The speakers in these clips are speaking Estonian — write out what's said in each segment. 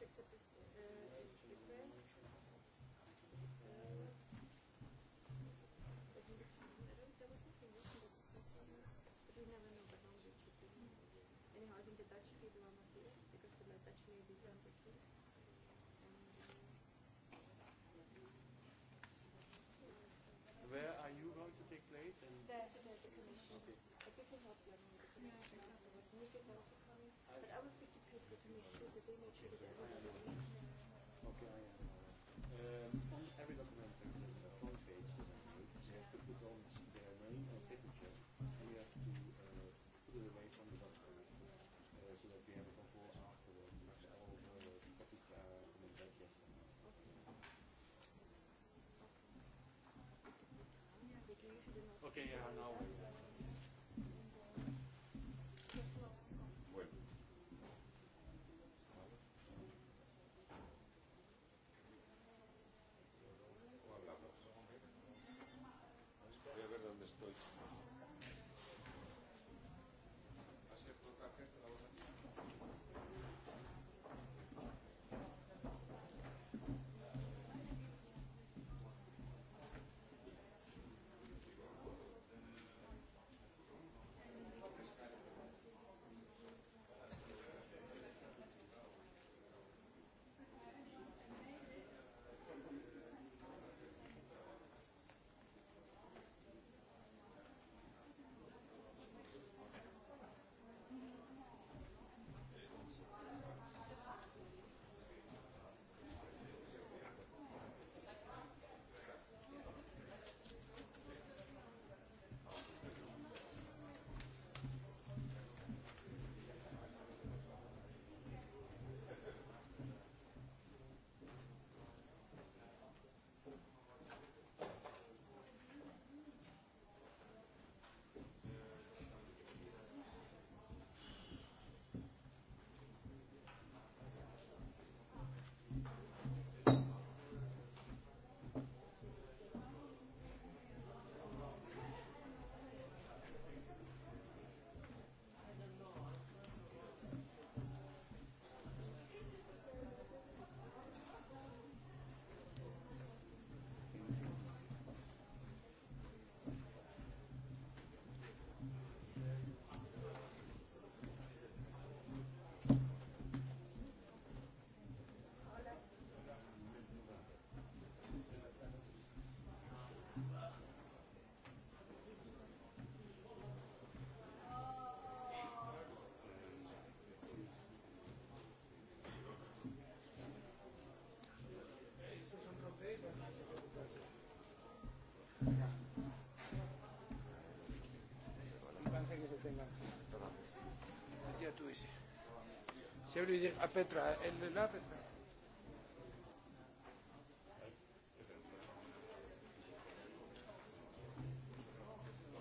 accept it, uh, its request. We never know, but normally it should be. Anyhow, I think the Dutch people are not here because the Dutch ladies are not here. Where are you going to take place? And there's, there's the commission. Okay. I think we have the commission yeah, afterwards. Nick is also coming. But I will speak to Pesco to make sure that they make sure that everyone will meet. Okay, I am. Um, on every document there is a front page that I made. You have to put on their name and signature, and you have to uh, put it away from the document uh, so that we have a control afterwards. All the copies are in the back yesterday. Okay, yeah, now. Si vous voulez dire à Petra, elle est là, Petra.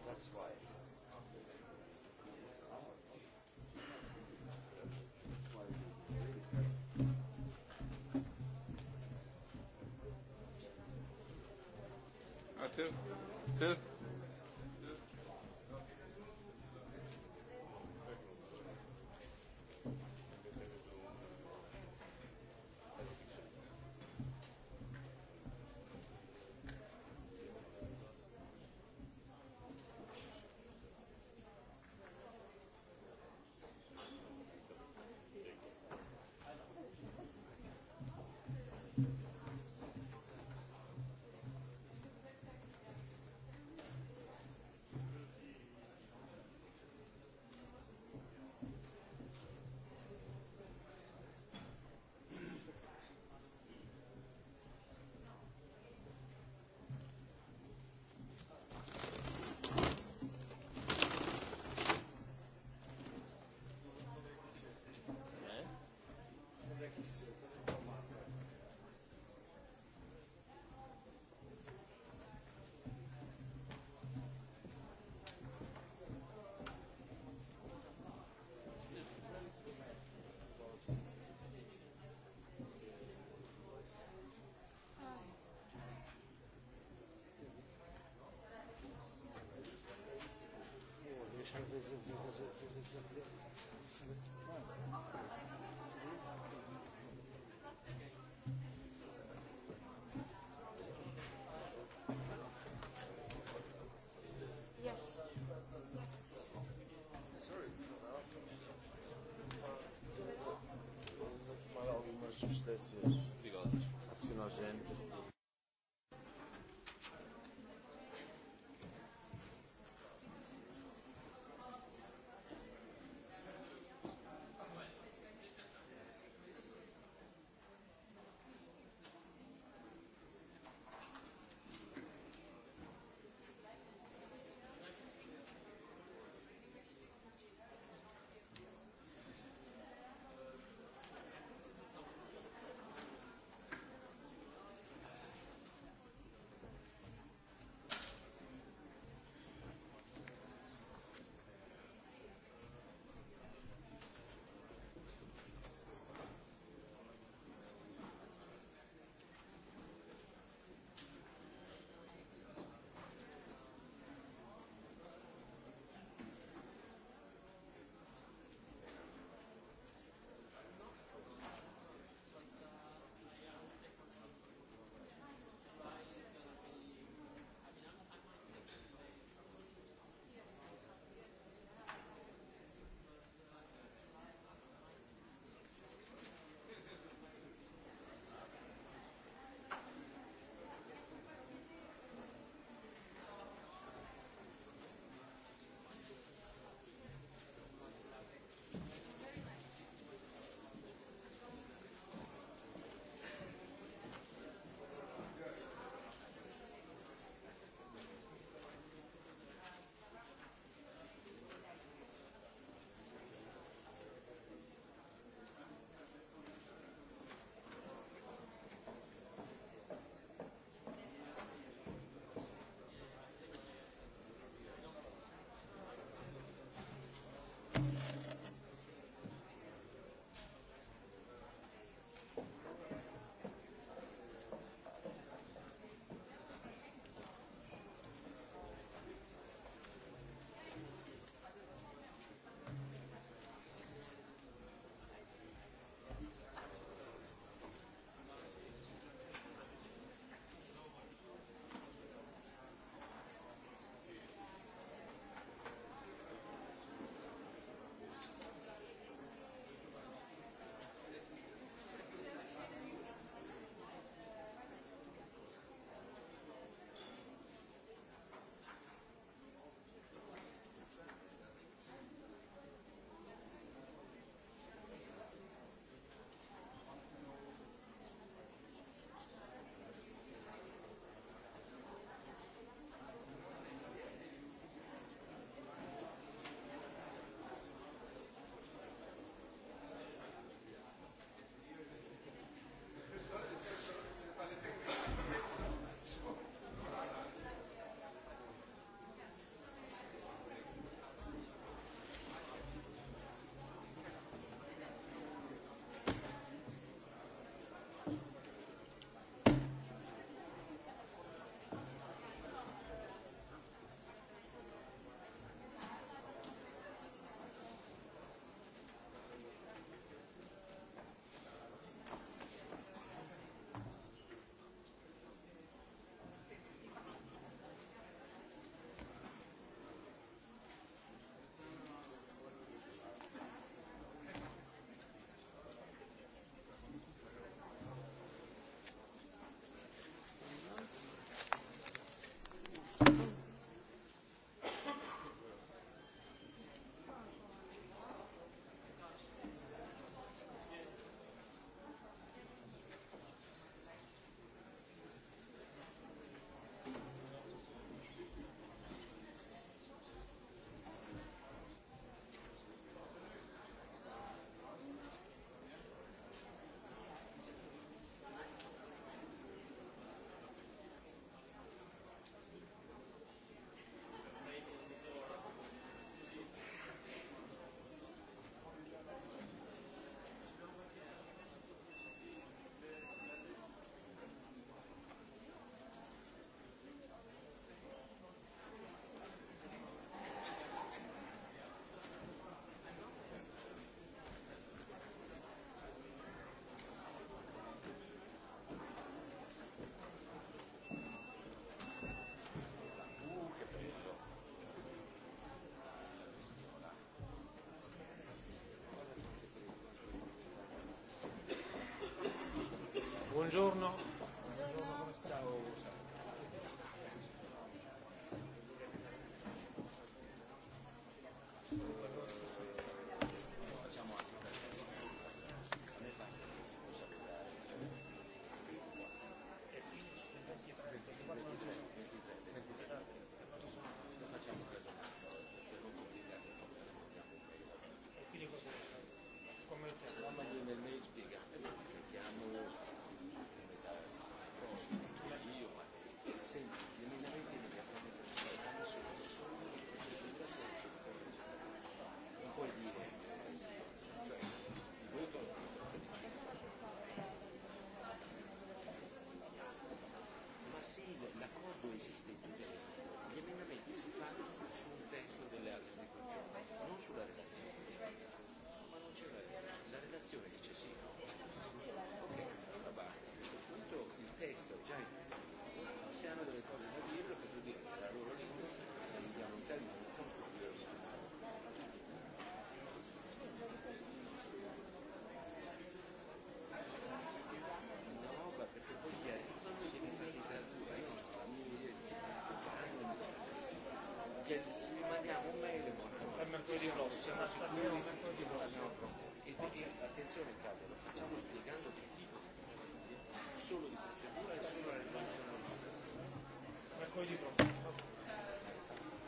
That's why. Two. Ah, Two. was a, there was a, there was a with climate. Yes. Yes. Sorry, it's not out. Mas os testes. Buongiorno. possiamo assumere un accordo con la Europa. E, e attenzione Claudio, lo facciamo spiegando che tipo di solo di procedura e solo la risoluzione libera. Raccogli troppo.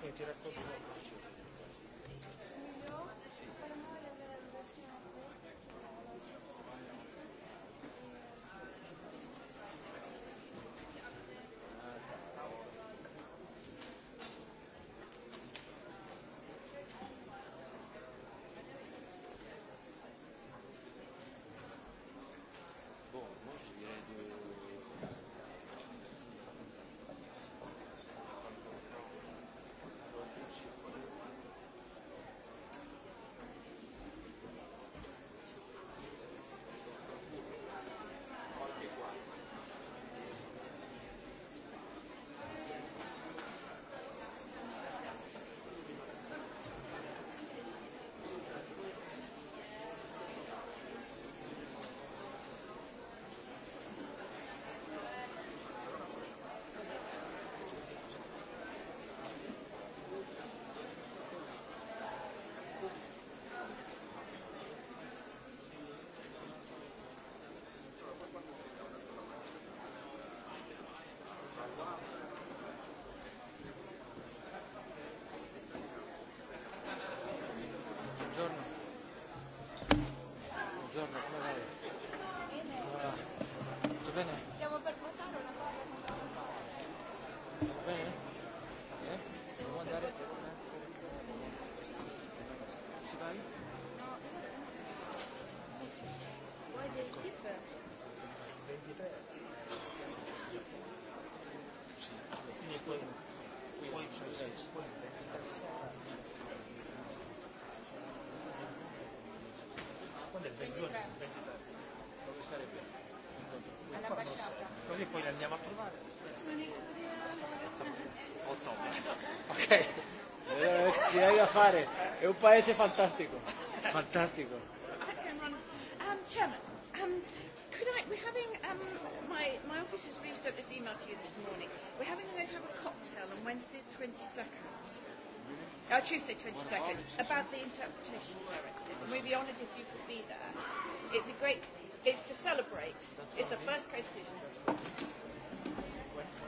E ti racconto una cosa. Sì. Quando è il 21? 23. Dove sarebbe? All'ambasciata. Così poi li andiamo a trovare. Ottobre. Ok. Ci hai da fare. È un paese fantastico. Fantastico. Um, Chairman, um, could I, we're having um, my, my office has reset this email to you this morning. We're having a late have a cocktail on Wednesday the 22nd. Oh, Tuesday 22nd, about the interpretation directive. And we'd be honoured if you could be there. It'd be great. It's to celebrate. It's the first case decision.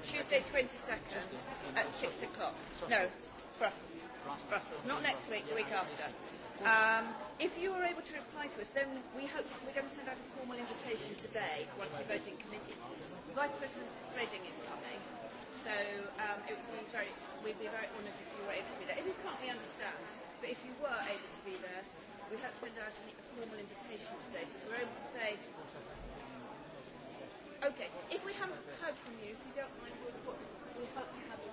Tuesday 22nd at 6 o'clock. No, Brussels. Brussels. Not next week, the week after. Um, if you are able to reply to us, then we hope we're going to send out a formal invitation today once we vote in committee. Vice President Redding is coming, so um, it would be very, we'd be very honoured if you were able to be there. If you can't, we understand. But if you were able to be there, we hope to send out a formal invitation today. So if we're able to say, okay, if we haven't heard from you, if you don't mind, we'll, we hope to have you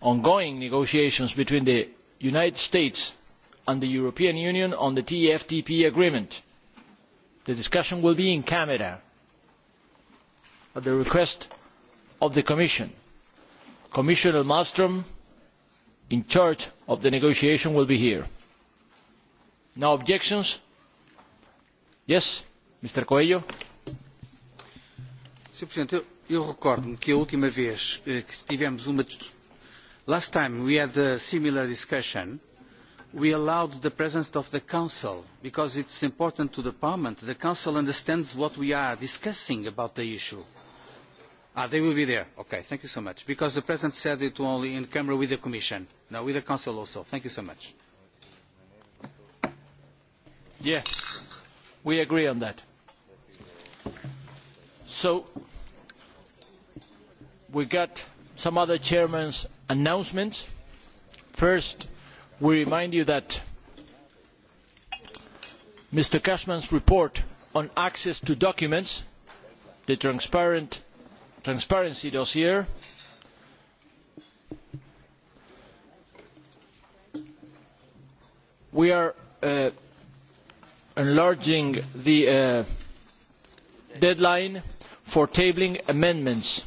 ongoing negotiations between the United States and the European Union on the TFTP agreement. The discussion will be in camera at the request of the Commission. Commissioner Malmström, in charge of the negotiation, will be here. No objections? Yes, Mr. Coelho. Sr. Presidente, eu, eu recordo-me que a última vez eh, que tivemos uma discussão Last time we had a similar discussion. We allowed the presence of the Council because it's important to the Parliament. The Council understands what we are discussing about the issue. Ah, they will be there. Okay, thank you so much. Because the President said it only in camera with the Commission. Now with the Council also. Thank you so much. Yeah, we agree on that. So we got some other chairmans announcements. First, we remind you that Mr. Cashman's report on access to documents, the transparent, transparency dossier, we are uh, enlarging the uh, deadline for tabling amendments